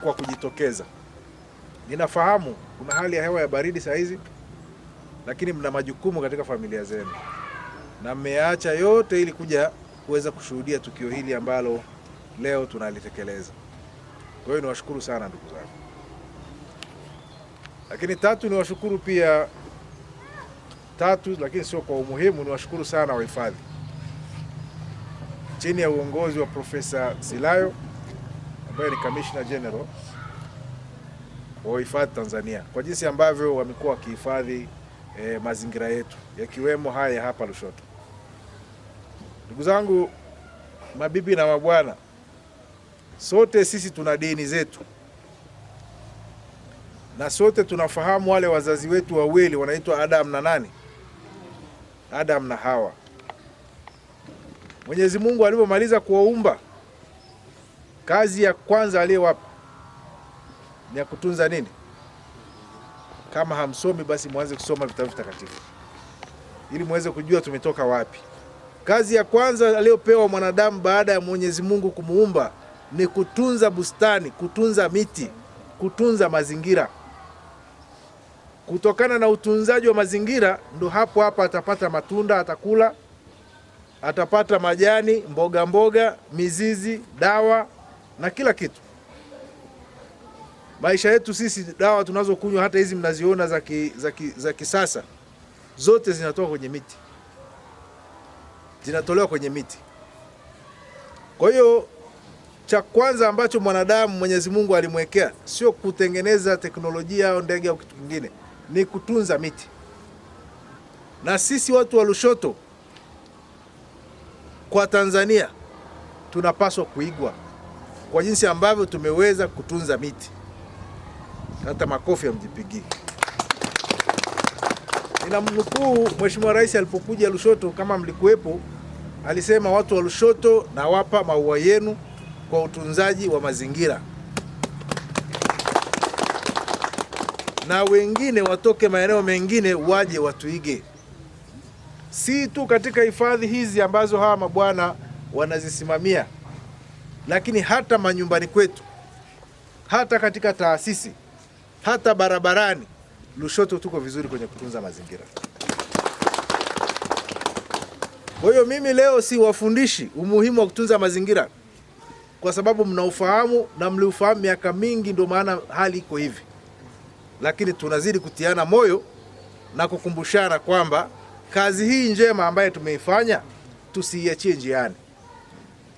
kwa kujitokeza. Ninafahamu kuna hali ya hewa ya baridi saa hizi, lakini mna majukumu katika familia zenu na mmeacha yote ili kuja kuweza kushuhudia tukio hili ambalo leo tunalitekeleza. Kwa hiyo niwashukuru sana ndugu zangu. Lakini tatu, niwashukuru pia tatu, lakini sio kwa umuhimu, niwashukuru sana wahifadhi chini ya uongozi wa Profesa Silayo ambaye ni Commissioner General wa uhifadhi Tanzania kwa jinsi ambavyo wamekuwa wakihifadhi e, mazingira yetu yakiwemo haya hapa Lushoto. Ndugu zangu, mabibi na mabwana, sote sisi tuna dini zetu na sote tunafahamu wale wazazi wetu wawili wanaitwa Adam na nani? Adam na Hawa. Mwenyezi Mungu alipomaliza kuwaumba Kazi ya kwanza aliyowapa ni ya kutunza nini? Kama hamsomi basi mwanze kusoma vitabu vitakatifu ili muweze kujua tumetoka wapi. Kazi ya kwanza aliyopewa mwanadamu baada ya Mwenyezi Mungu kumuumba ni kutunza bustani, kutunza miti, kutunza mazingira. Kutokana na utunzaji wa mazingira, ndo hapo hapa atapata matunda, atakula, atapata majani, mboga mboga, mizizi, dawa na kila kitu. Maisha yetu sisi, dawa tunazokunywa hata hizi mnaziona za kisasa, zote zinatoka kwenye miti, zinatolewa kwenye miti. Kwa hiyo cha kwanza ambacho mwanadamu Mwenyezi Mungu alimwekea sio kutengeneza teknolojia au ndege au kitu kingine, ni kutunza miti. Na sisi watu wa Lushoto kwa Tanzania tunapaswa kuigwa kwa jinsi ambavyo tumeweza kutunza miti. Hata makofi ina Ninamnukuu Mheshimiwa Rais alipokuja Lushoto, kama mlikuwepo, alisema watu wa Lushoto, nawapa maua yenu kwa utunzaji wa mazingira, na wengine watoke maeneo mengine waje watuige, si tu katika hifadhi hizi ambazo hawa mabwana wanazisimamia lakini hata manyumbani kwetu, hata katika taasisi, hata barabarani, Lushoto tuko vizuri kwenye kutunza mazingira. Kwa hiyo mimi leo si wafundishi umuhimu wa kutunza mazingira, kwa sababu mnaufahamu na mliufahamu miaka mingi, ndio maana hali iko hivi, lakini tunazidi kutiana moyo na kukumbushana kwamba kazi hii njema ambayo tumeifanya tusiiachie njiani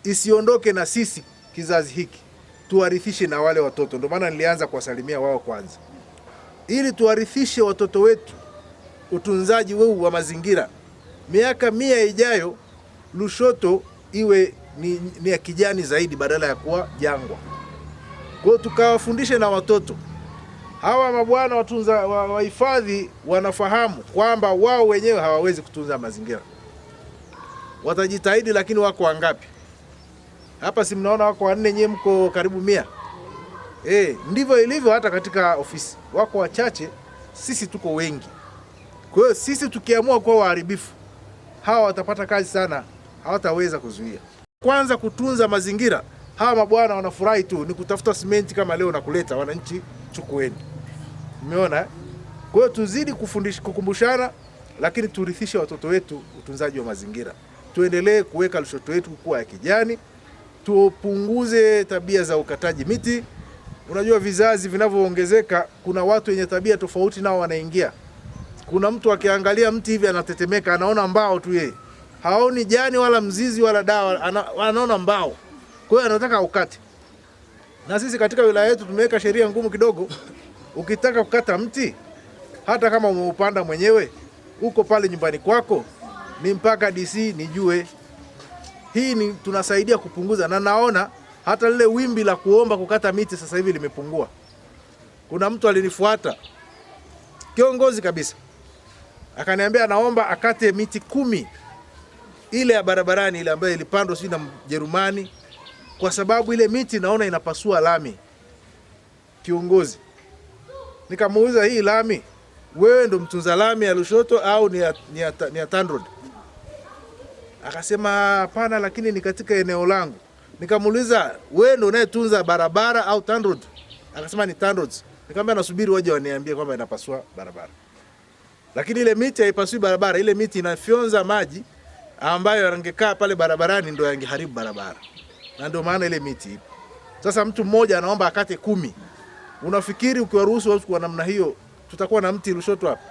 isiondoke na sisi kizazi hiki, tuwarithishe na wale watoto. Ndio maana nilianza kuwasalimia wao kwanza, ili tuwarithishe watoto wetu utunzaji weu wa mazingira. Miaka mia ijayo Lushoto iwe ni, ni ya kijani zaidi badala ya kuwa jangwa. Kwa hiyo tukawafundishe na watoto hawa. Mabwana watunza wahifadhi wanafahamu kwamba wao wenyewe hawawezi kutunza mazingira, watajitahidi, lakini wako wangapi? Hapa si mnaona wako wanne, nyewe mko karibu mia. E, ndivyo ilivyo hata katika ofisi, wako wachache, sisi tuko wengi. Kwa hiyo sisi tukiamua kuwa waharibifu, hawa watapata kazi sana, hawataweza kuzuia. Kwanza kutunza mazingira. Hawa mabwana wanafurahi tu, ni kutafuta simenti kama leo nakuleta, wananchi chukueni. Umeona? Eh? Kwa hiyo tuzidi kufundisha, kukumbushana, lakini turithishe watoto wetu utunzaji wa mazingira. Tuendelee kuweka Lushoto wetu kuwa ya kijani tupunguze tabia za ukataji miti. Unajua, vizazi vinavyoongezeka, kuna watu wenye tabia tofauti nao wanaingia. Kuna mtu akiangalia mti hivi anatetemeka, anaona mbao tu, yeye haoni jani wala mzizi wala dawa, anaona mbao, kwa hiyo anataka ukate. Na sisi katika wilaya yetu tumeweka sheria ngumu kidogo. Ukitaka kukata mti, hata kama umeupanda mwenyewe, uko pale nyumbani kwako, ni mpaka DC nijue hii ni tunasaidia kupunguza, na naona hata lile wimbi la kuomba kukata miti sasa hivi limepungua. Kuna mtu alinifuata kiongozi kabisa, akaniambia naomba akate miti kumi ile ya barabarani ile ambayo ilipandwa sijui na Mjerumani, kwa sababu ile miti naona inapasua lami. Kiongozi, nikamuuliza hii lami wewe ndo mtunza lami ya Lushoto au ni ya, ni ya, ni ya TANROADS? Akasema hapana, lakini ni katika eneo langu. Nikamuuliza, wewe ndio unayetunza barabara au TANROADS? Akasema ni TANROADS. Nikamwambia nasubiri waje waniambie kwamba inapasua barabara, lakini ile miti haipasui barabara, ile miti inafyonza maji ambayo yangekaa pale barabarani ndio yangeharibu barabara, na ndio maana ile miti ipo. Sasa mtu mmoja anaomba akate kumi. Unafikiri ukiwaruhusu watu kwa namna hiyo tutakuwa na mti Lushoto hapa?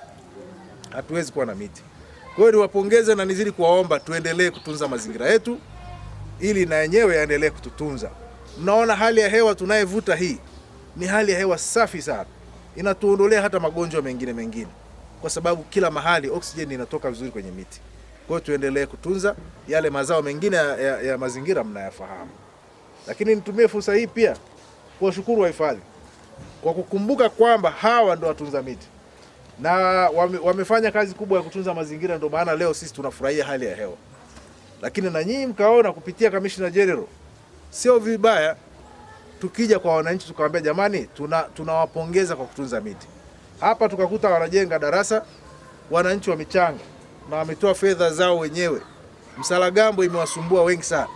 Hatuwezi kuwa na miti. Kwa hiyo niwapongeze na nizidi kuwaomba tuendelee kutunza mazingira yetu ili na yenyewe yaendelee kututunza. Mnaona hali ya hewa tunayevuta hii ni hali ya hewa safi sana, inatuondolea hata magonjwa mengine mengine, kwa sababu kila mahali oksijeni inatoka vizuri kwenye miti. Kwa hiyo tuendelee kutunza yale mazao mengine ya, ya, ya mazingira mnayafahamu, lakini nitumie fursa hii pia kuwashukuru wahifadhi kwa kukumbuka kwamba hawa ndio watunza miti na wame, wamefanya kazi kubwa ya kutunza mazingira, ndio maana leo sisi tunafurahia hali ya hewa. Lakini na nyinyi mkaona kupitia kamishina general, sio vibaya tukija kwa wananchi tukawaambia, jamani, tunawapongeza tuna kwa kutunza miti hapa. Tukakuta wanajenga darasa, wananchi wamechanga na wametoa fedha zao wenyewe. msaragambo imewasumbua wengi sana,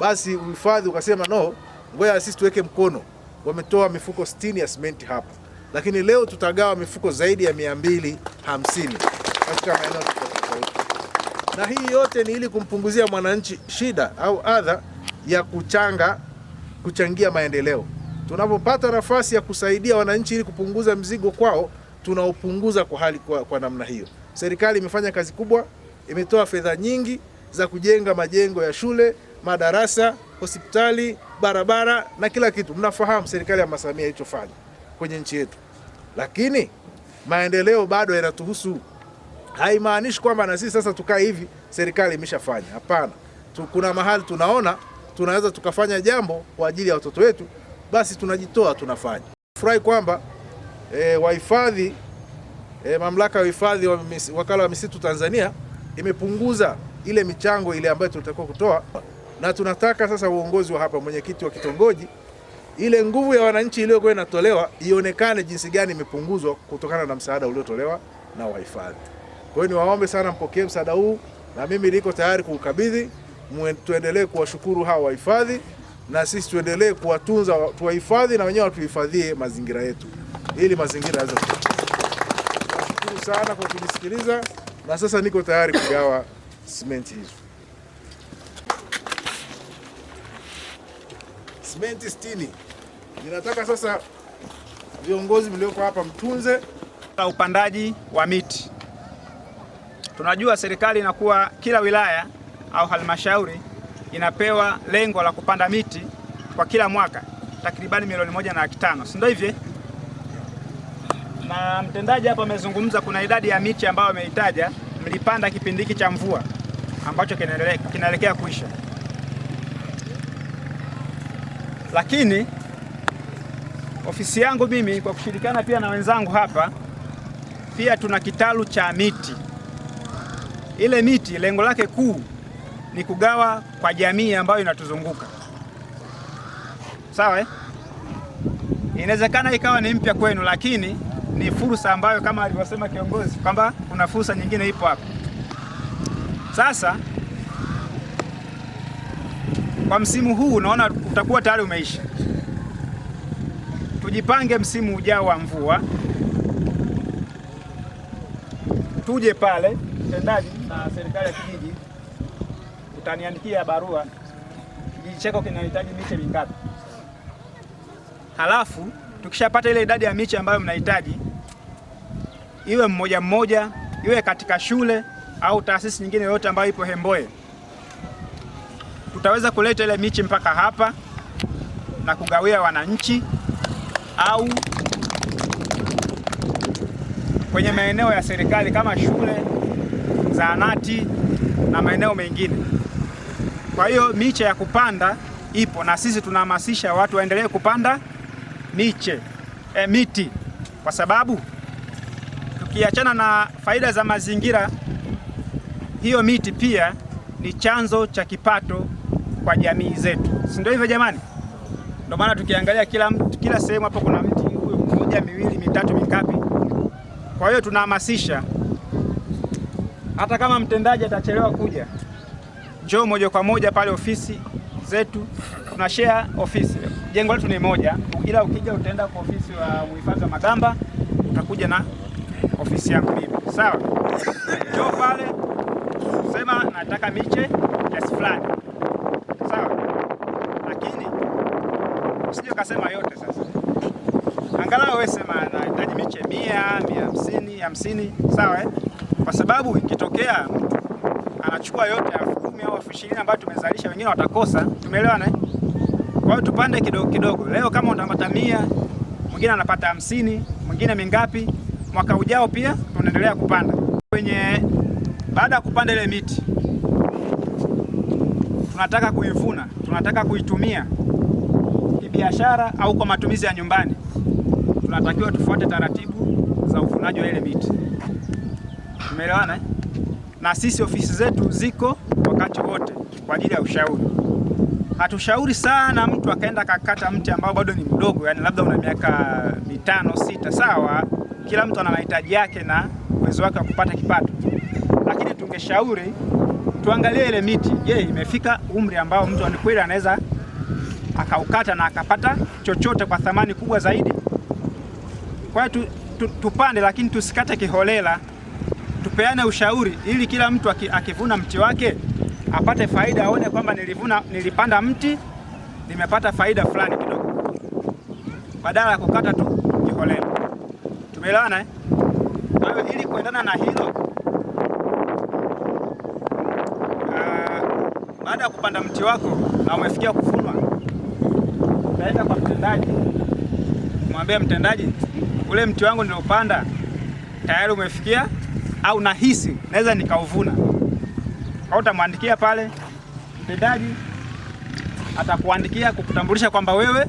basi uhifadhi ukasema no, ngoja sisi tuweke mkono. Wametoa mifuko 60 ya simenti hapa lakini leo tutagawa mifuko zaidi ya 250 katika maeneo tofauti tofauti, na hii yote ni ili kumpunguzia mwananchi shida au adha ya kuchanga kuchangia maendeleo. Tunapopata nafasi ya kusaidia wananchi ili kupunguza mzigo kwao, tunaupunguza kwa hali kwa, kwa namna hiyo. Serikali imefanya kazi kubwa, imetoa fedha nyingi za kujenga majengo ya shule, madarasa, hospitali, barabara na kila kitu. Mnafahamu serikali ya Masamia ilichofanya kwenye nchi yetu, lakini maendeleo bado yanatuhusu. Haimaanishi kwamba na sisi sasa tukae hivi, serikali imeshafanya. Hapana, kuna mahali tunaona tunaweza tukafanya jambo kwa ajili ya watoto wetu, basi tunajitoa tunafanya. Furahi kwamba e, wahifadhi e, mamlaka ya uhifadhi wa wakala wa misitu Tanzania imepunguza ile michango ile ambayo tulitakiwa kutoa, na tunataka sasa uongozi wa hapa, mwenyekiti wa kitongoji ile nguvu ya wananchi iliyokuwa inatolewa ionekane jinsi gani imepunguzwa kutokana na msaada uliotolewa na wahifadhi. Kwa hiyo niwaombe sana mpokee msaada huu, na mimi niko tayari kuukabidhi. Tuendelee kuwashukuru hawa wahifadhi, na sisi tuendelee kuwatunza, tuwahifadhi na wenyewe watuhifadhie mazingira yetu, ili mazingira yaweze. Nashukuru sana kwa kunisikiliza, na sasa niko tayari kugawa simenti hizo. simenti sitini. Ninataka sasa viongozi mlioko hapa mtunze na upandaji wa miti. Tunajua serikali inakuwa kila wilaya au halmashauri inapewa lengo la kupanda miti kwa kila mwaka takribani milioni moja na laki tano, si ndio hivyo? Na mtendaji hapa amezungumza, kuna idadi ya miti ambayo ameitaja mlipanda kipindi hiki cha mvua ambacho kinaelekea kuisha. Lakini ofisi yangu mimi kwa kushirikiana pia na wenzangu hapa, pia tuna kitalu cha miti. Ile miti lengo lake kuu ni kugawa kwa jamii ambayo inatuzunguka sawa. Eh? Inawezekana ikawa ni mpya kwenu, lakini ni fursa ambayo kama alivyosema kiongozi kwamba kuna fursa nyingine ipo hapa sasa kwa msimu huu unaona utakuwa tayari umeisha. Tujipange msimu ujao wa mvua, tuje pale mtendaji na serikali ya kijiji, utaniandikia barua kijiji chako kinahitaji miche mingapi, halafu tukishapata ile idadi ya miche ambayo mnahitaji, iwe mmoja mmoja, iwe katika shule au taasisi nyingine yoyote ambayo ipo Hemboe tutaweza kuleta ile michi mpaka hapa na kugawia wananchi au kwenye maeneo ya serikali kama shule, zahanati na maeneo mengine. Kwa hiyo miche ya kupanda ipo na sisi tunahamasisha watu waendelee kupanda miche e, miti kwa sababu tukiachana na faida za mazingira, hiyo miti pia ni chanzo cha kipato kwa jamii zetu, si ndio hivyo jamani? Ndio maana tukiangalia kila, kila sehemu hapo kuna mti huyo mmoja miwili mitatu mingapi. Kwa hiyo tunahamasisha, hata kama mtendaji atachelewa kuja, njoo moja kwa moja pale ofisi zetu, tuna share ofisi. Jengo letu ni moja, ila ukija utaenda kwa ofisi wa mhifadhi wa Magamba, utakuja na ofisi yangu mimi, sawa? Njoo pale sema nataka miche kiasi fulani usije kasema yote sasa. Angalau wewe sema nahitaji miche mia, mia hamsini, hamsini, sawa eh? Kwa sababu ikitokea mtu anachukua yote ya kumi au 20 ishirini ambayo tumezalisha, wengine watakosa. Tumeelewana eh? Kwa hiyo tupande kidogo kidogo. Leo kama unapata mia, mwingine anapata hamsini, mwingine mingapi, mwaka ujao pia tunaendelea kupanda kwenye. Baada ya kupanda ile miti tunataka kuivuna, tunataka kuitumia biashara au kwa matumizi ya nyumbani, tunatakiwa tufuate taratibu za uvunaji wa ile miti. Tumeelewana? Eh? Na sisi ofisi zetu ziko wakati wote kwa ajili ya ushauri. Hatushauri sana mtu akaenda akakata mti ambao bado ni mdogo, yani labda una miaka mitano sita. Sawa, kila mtu ana mahitaji yake na uwezo wake wa kupata kipato, lakini tungeshauri tuangalie ile miti, je, imefika umri ambao mtu kweli anaweza akaukata na akapata chochote kwa thamani kubwa zaidi. Kwa hiyo tu, tu, tupande lakini tusikate kiholela, tupeane ushauri ili kila mtu akivuna mti wake apate faida, aone kwamba nilivuna, nilipanda mti nimepata faida fulani kidogo, badala ya kukata tu kiholela. Tumeelewana eh? Kwa hiyo ili kuendana na hilo ah, baada ya kupanda mti wako na umefikia kufu nitaenda kwa mtendaji kumwambia mtendaji, ule mti wangu niliopanda tayari umefikia au nahisi naweza nikauvuna, au utamwandikia pale mtendaji atakuandikia kukutambulisha kwamba wewe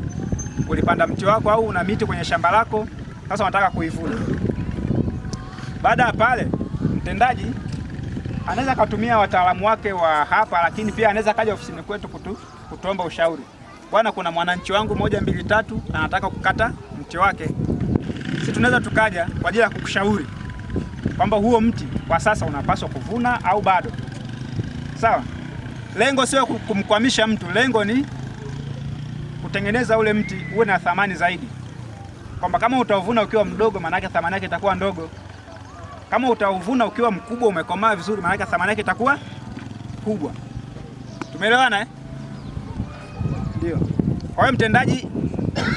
ulipanda mti wako au una miti kwenye shamba lako, sasa unataka kuivuna. Baada ya pale, mtendaji anaweza akatumia wataalamu wake wa hapa, lakini pia anaweza kaja ofisini kwetu kutu, kutuomba ushauri bwana, kuna mwananchi wangu moja mbili tatu anataka kukata mti wake, si tunaweza tukaja kwa ajili ya kukushauri kwamba huo mti kwa sasa unapaswa kuvuna au bado? Sawa. Lengo sio kumkwamisha mtu, lengo ni kutengeneza ule mti uwe na thamani zaidi, kwamba kama utauvuna ukiwa mdogo, maanake thamani yake itakuwa ndogo. Kama utauvuna ukiwa mkubwa, umekomaa vizuri, maanake thamani yake itakuwa kubwa. Tumeelewana eh? Kwa hiyo mtendaji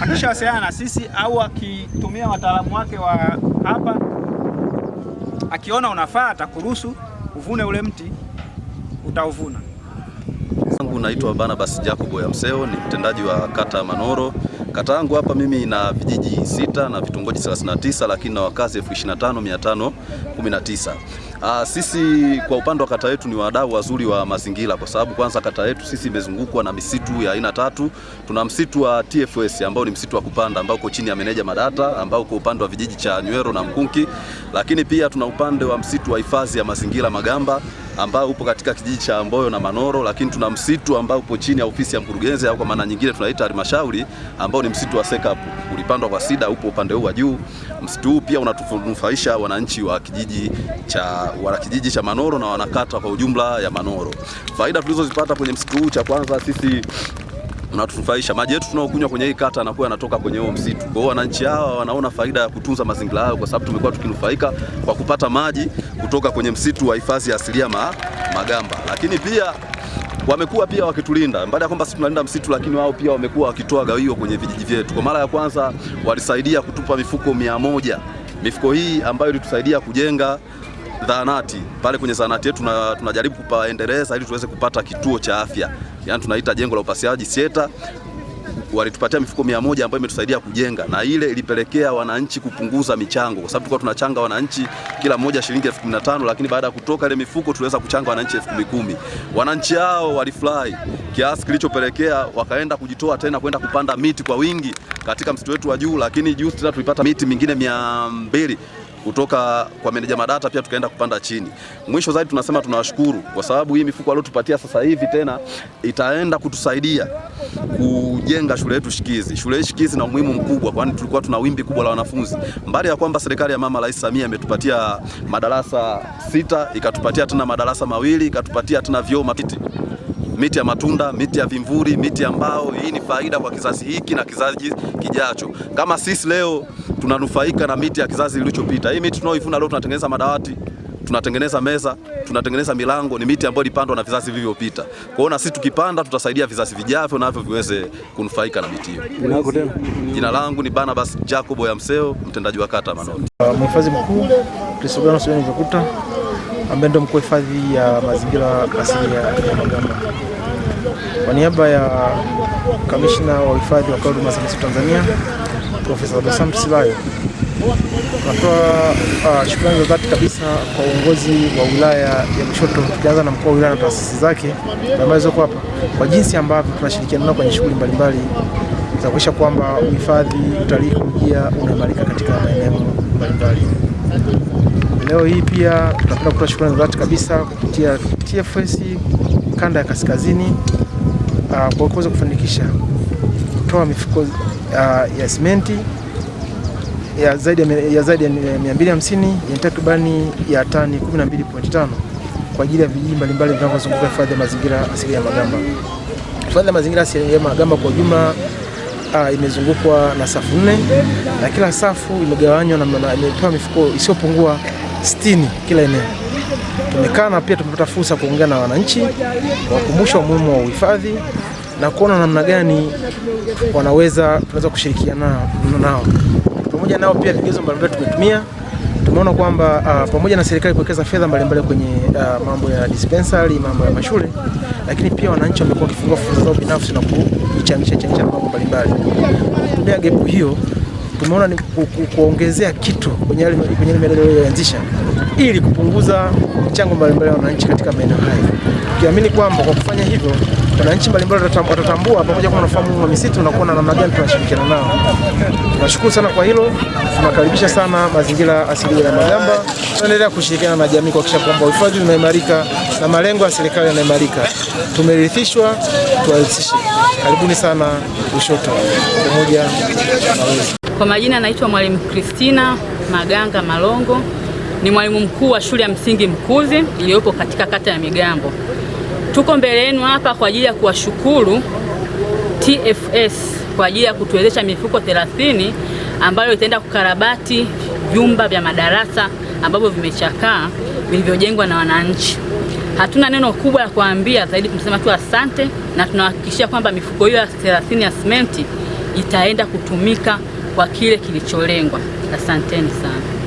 akishawasiliana na sisi au akitumia wataalamu wake wa hapa, akiona unafaa atakuruhusu uvune ule mti, utauvuna. Naitwa Barnabas Jacob yamseo ni mtendaji wa kata Manoro. Kata yangu hapa mimi ina vijiji sita na vitongoji 39 lakini na wakazi 25519. Aa, ah, sisi kwa upande wa kata yetu ni wadau wazuri wa mazingira kwa sababu kwanza kata yetu sisi imezungukwa na misitu ya aina tatu. Tuna msitu wa TFS ambao ni msitu wa kupanda ambao uko chini ya meneja Madata ambao uko upande wa vijiji cha Nywero na Mkunki, lakini pia tuna upande wa msitu wa hifadhi ya mazingira Magamba ambao upo katika kijiji cha Mboyo na Manoro, lakini tuna msitu ambao upo chini ya ofisi ya mkurugenzi au kwa maana nyingine tunaita halmashauri, ambao ni msitu wa Sekap, ulipandwa kwa sida, upo upande huu wa juu. Msitu huu pia unatunufaisha wananchi wa kijiji cha wana kijiji cha Manoro na wanakata kwa ujumla ya Manoro. Faida tulizozipata kwenye msitu huu, cha kwanza sisi unatufaisha maji yetu tunaokunywa kwenye hii kata anakuwa yanatoka kwenye huo msitu. Kwa hiyo wananchi hawa wanaona faida ya kutunza mazingira yao, kwa sababu tumekuwa tukinufaika kwa kupata maji kutoka kwenye msitu wa hifadhi ya asilia ma, Magamba, lakini pia wamekuwa pia wakitulinda baada ya kwamba sisi tunalinda msitu, lakini wao pia wamekuwa wakitoa gawio kwenye vijiji vyetu. Kwa mara ya kwanza walisaidia kutupa mifuko mia moja. Mifuko hii ambayo ilitusaidia kujenga zahanati pale kwenye zahanati yetu tunajaribu kupaendeleza ili tuweze kupata kituo cha afya, yani tunaita jengo la upasiaji sieta, walitupatia mifuko mia moja ambayo imetusaidia kujenga, na ile ilipelekea wananchi kupunguza michango, kwa sababu tulikuwa tunachanga wananchi kila mmoja shilingi elfu kumi na tano lakini baada ya kutoka ile mifuko tuliweza kuchanga wananchi elfu kumi kumi. Wananchi hao walifurahi kiasi kilichopelekea wakaenda kujitoa tena kwenda kupanda miti kwa wingi katika msitu wetu wa juu, lakini juzi tena tulipata miti mingine mia mbili kutoka kwa meneja madata pia tukaenda kupanda chini. Mwisho zaidi tunasema tunawashukuru kwa sababu hii mifuko aliotupatia sasa hivi tena itaenda kutusaidia kujenga shule yetu shikizi. Shule yetu shikizi na umuhimu mkubwa, kwani tulikuwa tuna wimbi kubwa la wanafunzi. Mbali ya kwamba serikali ya mama Rais Samia imetupatia madarasa sita, ikatupatia tena madarasa mawili, ikatupatia tena vyoo mapiti miti ya matunda, miti ya vimvuri, miti ya mbao. Hii ni faida kwa kizazi hiki na kizazi kijacho. Kama sisi leo tunanufaika na miti ya kizazi kilichopita, hii miti tunaoivuna leo tunatengeneza madawati tunatengeneza meza, tunatengeneza milango, ni miti ambayo ilipandwa na vizazi vilivyopita. Kwa hiyo na sisi tukipanda, tutasaidia vizazi vijavyo navyo viweze kunufaika na miti hiyo. Jina langu ni Barnabas Jacobo ya Mseo, mtendaji wa kata Manoti. Uh, Mhifadhi mkuu Kristoganus Vakuta ambaye ndio mkuu hifadhi ya mazingira asili ya Magamba. Kwa niaba ya kamishna wa uhifadhi wa huduma za misitu Tanzania, Profesa Abdulsalam Silayo, natoa uh, shukrani za dhati kabisa kwa uongozi wa wilaya ya Lushoto, tukianza na mkuu wa wilaya na taasisi zake ambazo ziko hapa, kwa jinsi ambavyo tunashirikiana nao kwenye shughuli mbalimbali za kuhakikisha kwamba uhifadhi, utalii ekolojia unaimarika katika maeneo mbalimbali. Leo hii pia tunapenda kutoa shukrani za dhati kabisa kupitia TFS kanda ya kaskazini uh, kwa kuweza kufanikisha kutoa mifuko uh, ya simenti ya zaidi ya 250 ya takribani ya tani 12.5 kwa ajili ya vijiji mbalimbali vinavyozunguka hifadhi ya mazingira asili ya Magamba. Hifadhi ya mazingira asili ya Magamba kwa ujumla uh, imezungukwa na safu nne na kila safu imegawanywa na imepewa mifuko isiyopungua 60 kila eneo. Tumekaa na pia tumepata fursa kuongea na wananchi, kuwakumbusha umuhimu wa uhifadhi na kuona namna gani wanaweza tunaweza kushirikiana nao. Pamoja nao pia vigezo mbalimbali tumetumia tumeona kwamba uh, pamoja na serikali kuwekeza fedha mbalimbali kwenye uh, mambo ya dispensary, mambo ya mashule, lakini pia wananchi wamekuwa wakifungua fursa zao binafsi na kuchangisha changisha mambo mbalimbali. Kutumia gepu hiyo tumeona ni kuongezea kitu kwenye kwenye miradi iliyoanzisha ili kupunguza mchango mbalimbali wa wananchi katika maeneo hayo, tukiamini kwamba kwa kufanya hivyo wananchi mbalimbali watatambua pamoja kwa wanafahamu wa misitu na kuona namna gani tunashirikiana nao. Tunashukuru sana kwa hilo, tunakaribisha sana mazingira asilia ya Magamba. Tunaendelea kushirikiana na jamii kuhakikisha kwamba uhifadhi unaimarika na malengo ya serikali yanaimarika. Tumerithishwa, tuwahusishe. Karibuni sana Lushoto pamoja Kwa majina naitwa Mwalimu Kristina Maganga Malongo, ni mwalimu mkuu wa shule ya msingi Mkuzi iliyopo katika kata ya Migambo. Tuko mbele yenu hapa kwa ajili ya kuwashukuru TFS kwa ajili ya kutuwezesha mifuko 30 ambayo itaenda kukarabati vyumba vya madarasa ambavyo vimechakaa vilivyojengwa na wananchi. Hatuna neno kubwa la kuambia zaidi kumsema tu asante, na tunahakikishia kwamba mifuko hiyo ya 30 ya simenti itaenda kutumika kwa kile kilicholengwa. Asanteni sana.